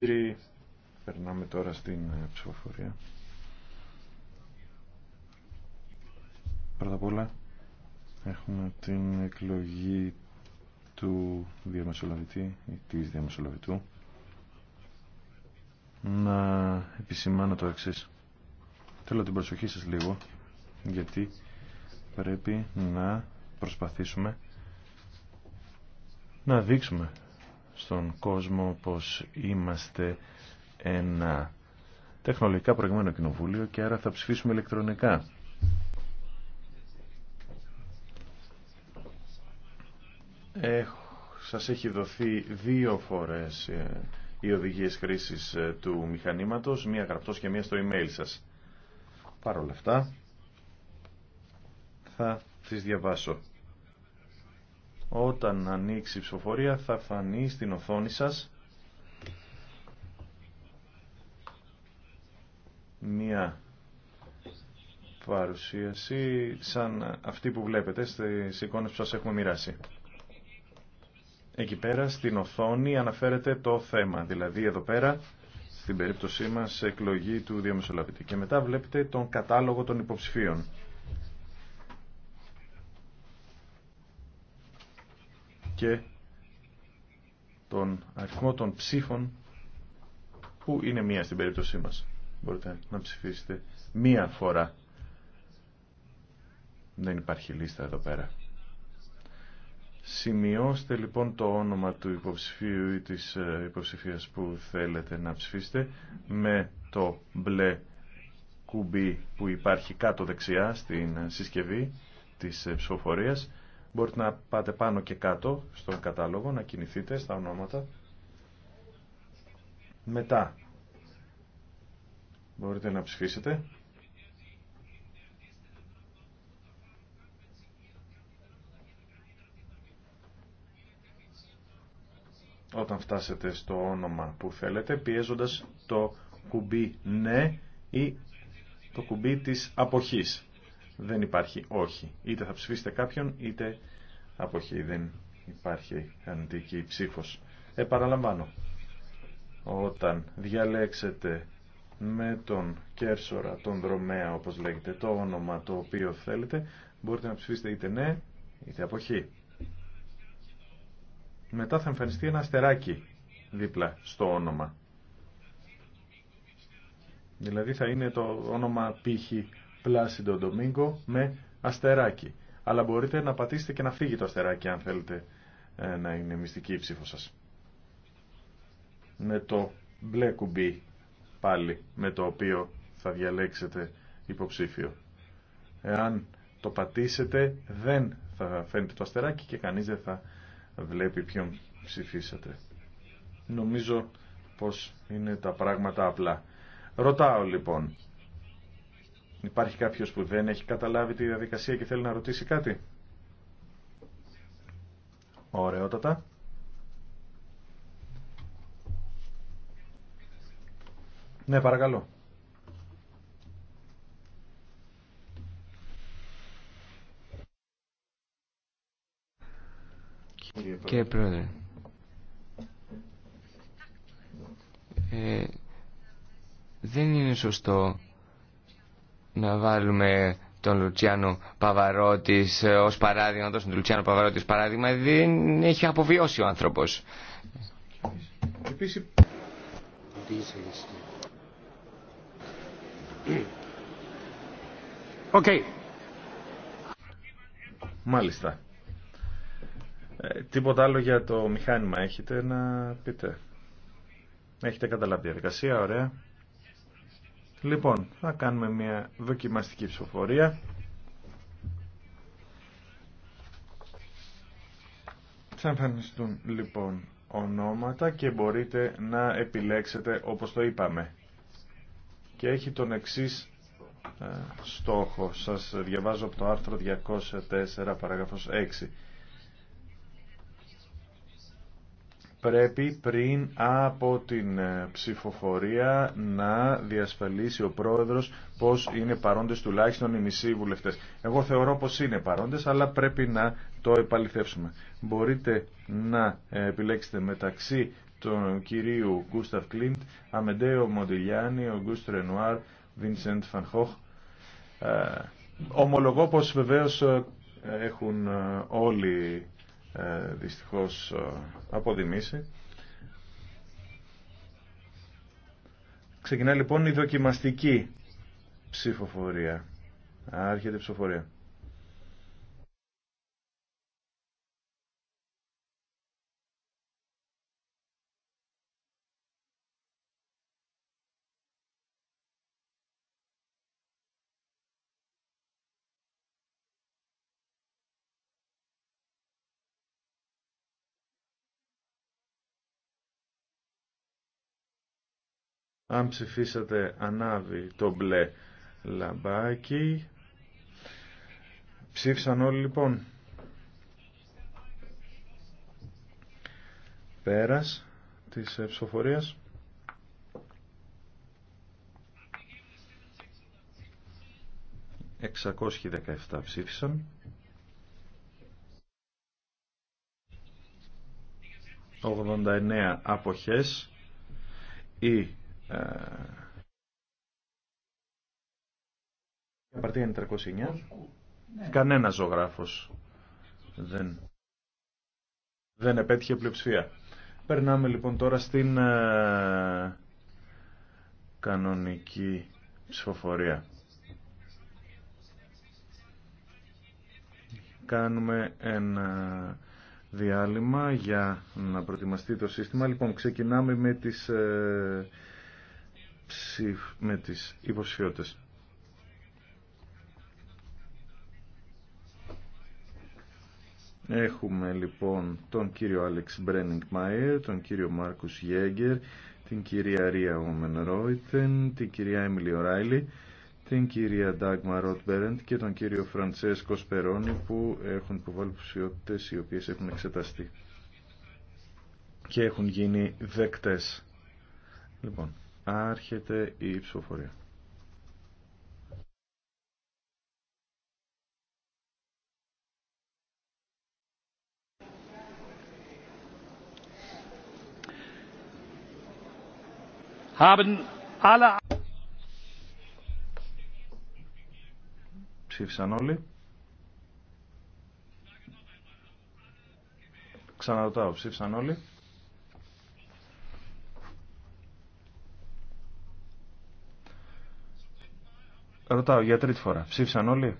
Κύριοι, περνάμε τώρα στην ε, ψηφοφορία. Πρώτα απ' όλα έχουμε την εκλογή του διαμεσολαβητή ή της διαμεσολαβητού. Να επισημάνω το εξή. Θέλω την προσοχή σας λίγο γιατί πρέπει να προσπαθήσουμε να δείξουμε στον κόσμο πως είμαστε ένα τεχνολογικά προηγμένο κοινοβούλιο και άρα θα ψηφίσουμε ηλεκτρονικά. Έχω, σας έχει δοθεί δύο φορές ε, οι οδηγίες χρήσης ε, του μηχανήματος, μία γραπτός και μία στο email σας. Παρ' όλα αυτά θα τις διαβάσω. Όταν ανοίξει η ψηφοφορία θα φανεί στην οθόνη σας μία παρουσίαση σαν αυτή που βλέπετε στις εικόνες που σας έχουμε μοιράσει. Εκεί πέρα στην οθόνη αναφέρεται το θέμα, δηλαδή εδώ πέρα στην περίπτωσή μας εκλογή του Διαμεσολαβητή. Και μετά βλέπετε τον κατάλογο των υποψηφίων. και τον αριθμό των ψήφων που είναι μία στην περίπτωσή μας. Μπορείτε να ψηφίσετε μία φορά. Δεν υπάρχει λίστα εδώ πέρα. Σημειώστε λοιπόν το όνομα του υποψηφίου ή της ε, υποψηφίας που θέλετε να ψηφίσετε με το μπλε κουμπί που υπάρχει κάτω δεξιά στην ε, συσκευή της ε, ψηφοφορίας Μπορείτε να πάτε πάνω και κάτω στον κατάλογο, να κινηθείτε στα ονόματα. Μετά μπορείτε να ψηφίσετε. Όταν φτάσετε στο όνομα που θέλετε, πιέζοντας το κουμπί ναι ή το κουμπί της αποχής. Δεν υπάρχει όχι. Είτε θα ψηφίσετε κάποιον είτε αποχή. Δεν υπάρχει αντίκη ψήφος. Επαναλαμβάνω. Όταν διαλέξετε με τον κέρσορα, τον δρομέα όπως λέγεται, το όνομα το οποίο θέλετε, μπορείτε να ψηφίσετε είτε ναι είτε αποχή. Μετά θα εμφανιστεί ένα αστεράκι δίπλα στο όνομα. Δηλαδή θα είναι το όνομα π.χ. Πλάσιντο Ντομίνγκο με αστεράκι. Αλλά μπορείτε να πατήσετε και να φύγει το αστεράκι αν θέλετε ε, να είναι μυστική η ψήφο σας. Με το μπλε κουμπί πάλι με το οποίο θα διαλέξετε υποψήφιο. Εάν το πατήσετε δεν θα φαίνεται το αστεράκι και κανείς δεν θα βλέπει ποιον ψηφίσατε. Νομίζω πως είναι τα πράγματα απλά. Ρωτάω λοιπόν, Υπάρχει κάποιος που δεν έχει καταλάβει τη διαδικασία και θέλει να ρωτήσει κάτι. Ωραιότατα. Ναι, παρακαλώ. Κύριε Πρόεδρε, ε, δεν είναι σωστό να βάλουμε τον Λουτσιάνο Παβαρότη ε, ως παράδειγμα, να δώσουμε τον Λουτσιάνο Παβαρότη παράδειγμα, δεν έχει αποβιώσει ο άνθρωπος. Οκ. Μάλιστα. Ε, τίποτα άλλο για το μηχάνημα έχετε να πείτε. Έχετε καταλάβει τη διαδικασία, ωραία. Λοιπόν, θα κάνουμε μια δοκιμαστική ψηφοφορία. Θα εμφανιστούν λοιπόν ονόματα και μπορείτε να επιλέξετε όπως το είπαμε. Και έχει τον εξής ε, στόχο. Σας διαβάζω από το άρθρο 204 παράγραφος 6. πρέπει πριν από την ε, ψηφοφορία να διασφαλίσει ο πρόεδρος πως είναι παρόντες τουλάχιστον οι μισοί βουλευτές. Εγώ θεωρώ πως είναι παρόντες αλλά πρέπει να το επαληθεύσουμε. Μπορείτε να ε, επιλέξετε μεταξύ του κυρίου Γκούσταφ Κλίντ, Αμεντέο Μοντιλιάνη, ο Γκούστ Ρενουάρ, Βίνσεντ Φανχόχ. Ε, ομολογώ πως βεβαίως έχουν όλοι ε, δυστυχώς ε, αποδημήσει. Ξεκινά λοιπόν η δοκιμαστική ψηφοφορία. Άρχεται η ψηφοφορία. Αν ψηφίσατε ανάβει το μπλε λαμπάκι. Ψήφισαν όλοι λοιπόν. Πέρας της ε, ψηφοφορία. 617 ψήφισαν. Ογδόντα εννέα αποχές. Η ε, η απαρτία είναι 309. Ναι. Κανένα ζωγράφος δεν, δεν επέτυχε πλειοψηφία. Περνάμε λοιπόν τώρα στην ε, κανονική ψηφοφορία. Κάνουμε ένα διάλειμμα για να προετοιμαστεί το σύστημα. Λοιπόν, ξεκινάμε με τις ε, ψηφ, με τις υποψηφιότητες. Έχουμε λοιπόν τον κύριο Άλεξ Μπρένιγκ Μάιερ, τον κύριο Μάρκους Γέγκερ, την κυρία Ρία Ωμεν Ρόιτεν, την κυρία Έμιλι Οράιλι, την κυρία Ντάγμα Ροτμπέρεντ και τον κύριο Φραντσέσκο Σπερόνι που έχουν υποβάλει ψηφιότητες οι οποίες έχουν εξεταστεί και έχουν γίνει δεκτές. Λοιπόν, Άρχεται η ψηφοφορία. Haben alle... Ψήφισαν όλοι. Ξαναρωτάω, ψήφισαν όλοι. Ρωτάω για τρίτη φορά. Ψήφισαν όλοι.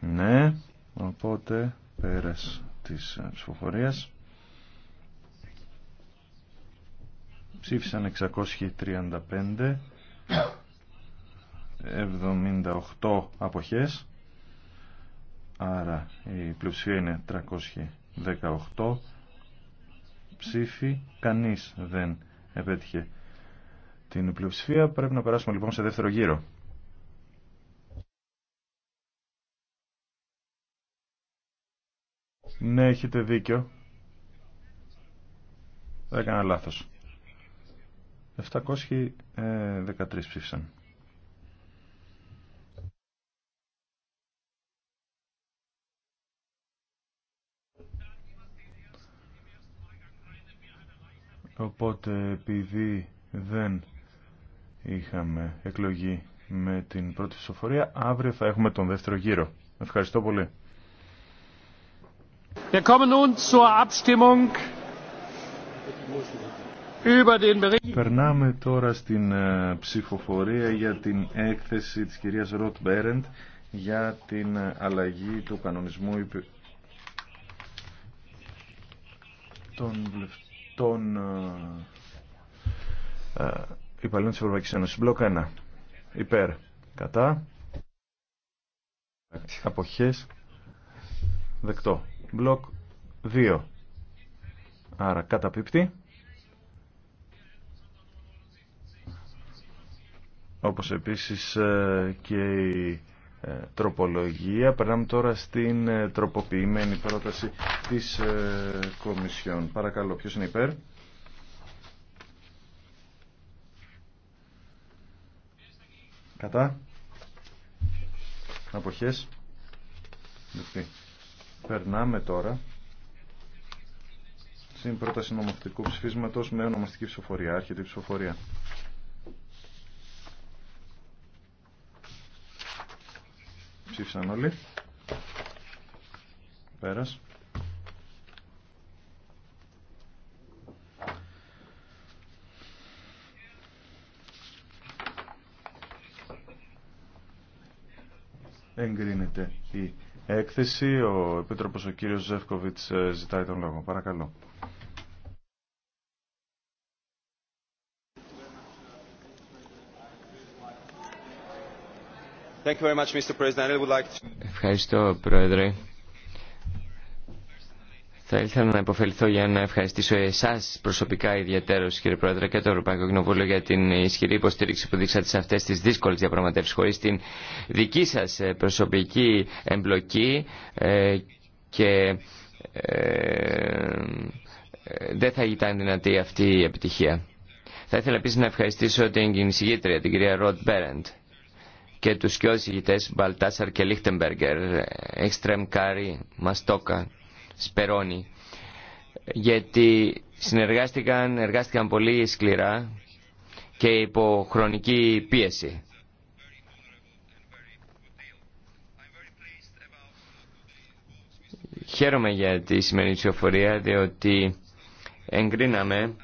Ναι, οπότε πέρας της ε, ψηφοφορίας. Ψήφισαν 635, 78 αποχές, άρα η πλειοψηφία είναι 318 ψήφι, κανείς δεν επέτυχε την πλειοψηφία. Πρέπει να περάσουμε λοιπόν σε δεύτερο γύρο. Ναι, έχετε δίκιο. Δεν έκανα λάθος. 713 ε, ψήφισαν. Οπότε επειδή δεν είχαμε εκλογή με την πρώτη ψηφοφορία. Αύριο θα έχουμε τον δεύτερο γύρο. Ευχαριστώ πολύ. Περνάμε τώρα στην ε, ψηφοφορία για την έκθεση της κυρίας Ροτ Μπέρεντ για την ε, αλλαγή του κανονισμού των βλεφτών. Ε, υπαλλήλων τη Ευρωπαϊκή Ένωση. Μπλοκ 1. Υπέρ. Κατά. Αποχέ. Δεκτό. Μπλοκ 2. Άρα καταπίπτει. Όπως επίσης ε, και η ε, τροπολογία. Περνάμε τώρα στην ε, τροποποιημένη πρόταση της Κομισιόν. Παρακαλώ, ποιος είναι υπέρ. Κατά. Αποχές. Περνάμε τώρα στην πρόταση νομοθετικού ψηφίσματος με ονομαστική ψηφοφορία. Άρχεται η ψηφοφορία. Ψήφισαν όλοι. Πέρας. εγκρίνεται η έκθεση. Ο Επίτροπος ο κύριος Ζεύκοβιτς ε, ζητάει τον λόγο. Παρακαλώ. Ευχαριστώ, Πρόεδρε. Θα ήθελα να υποφεληθώ για να ευχαριστήσω εσά προσωπικά ιδιαίτερω, κύριε Πρόεδρε, και το Ευρωπαϊκό Κοινοβούλιο για την ισχυρή υποστήριξη που δείξατε σε αυτέ τι δύσκολε διαπραγματεύσει. Χωρί την δική σα ε, προσωπική εμπλοκή ε, και ε, ε, δεν θα ήταν δυνατή αυτή η επιτυχία. Θα ήθελα επίση να ευχαριστήσω την κυνησυγήτρια, την κυρία Ροτ Μπέρεντ και τους κοιόδης ηγητές Μπαλτάσαρ και Λίχτεμπεργκερ, Εξτρεμ Κάρι, Μαστόκα σπερόνι, γιατί συνεργάστηκαν, εργάστηκαν πολύ σκληρά και υπό χρονική πίεση. Χαίρομαι για τη σημερινή ψηφοφορία διότι εγκρίναμε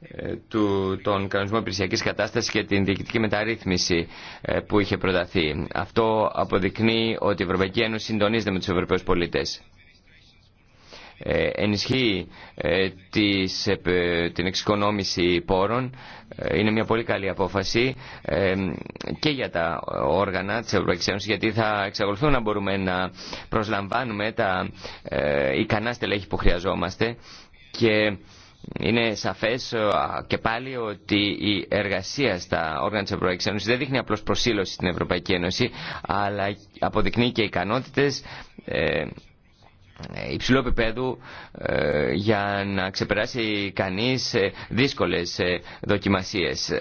ε, του, τον κανονισμό υπηρεσιακή κατάσταση και την διοικητική μεταρρύθμιση ε, που είχε προταθεί. Αυτό αποδεικνύει ότι η Ευρωπαϊκή Ένωση συντονίζεται με του Ευρωπαίου πολίτε. Ε, ενισχύει ε, ε, την εξοικονόμηση πόρων. Είναι μια πολύ καλή απόφαση και για τα όργανα της Ευρωπαϊκής Ένωσης γιατί θα εξακολουθούν να μπορούμε να προσλαμβάνουμε τα ικανά στελέχη που χρειαζόμαστε και είναι σαφές και πάλι ότι η εργασία στα όργανα της Ευρωπαϊκής Ένωσης δεν δείχνει απλώς προσήλωση στην Ευρωπαϊκή Ένωση αλλά αποδεικνύει και ικανότητες ε, υψηλού επίπεδου ε, για να ξεπεράσει κανείς ε, δύσκολες δοκιμασίες.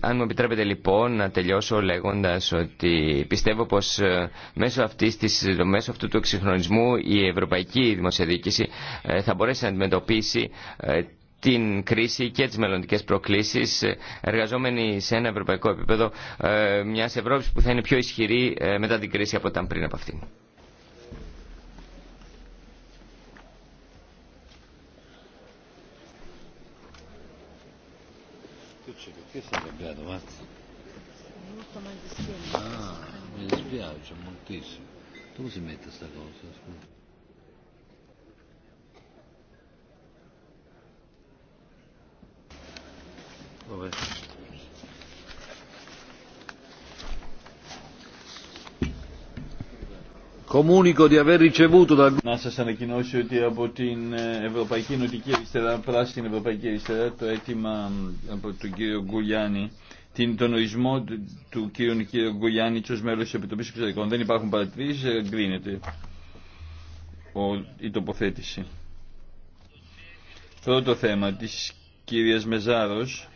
Αν μου επιτρέπετε λοιπόν να τελειώσω λέγοντας ότι πιστεύω πως μέσω, αυτής της, μέσω αυτού του εξυγχρονισμού η Ευρωπαϊκή Δημοσιοδιοίκηση θα μπορέσει να αντιμετωπίσει την κρίση και τις μελλοντικές προκλήσεις ε, εργαζόμενοι σε ένα ευρωπαϊκό επίπεδο ε, μιας Ευρώπης που θα είναι πιο ισχυρή ε, μετά την κρίση από όταν πριν από αυτήν. Ah, mi Να σα ανακοινώσω ότι από την ε, Ευρωπαϊκή Νοτική Αριστερά, Πράσινη Ευρωπαϊκή Αριστερά, το αίτημα από τον κύριο Γκουλιάνη, την, τον ορισμό του κύριου κύριο Γκουλιάνη ω μέλο τη Επιτροπή Εξωτερικών. Δεν υπάρχουν παρατηρήσει, εγκρίνεται η τοποθέτηση. Πρώτο θέμα της κυρίας Μεζάρος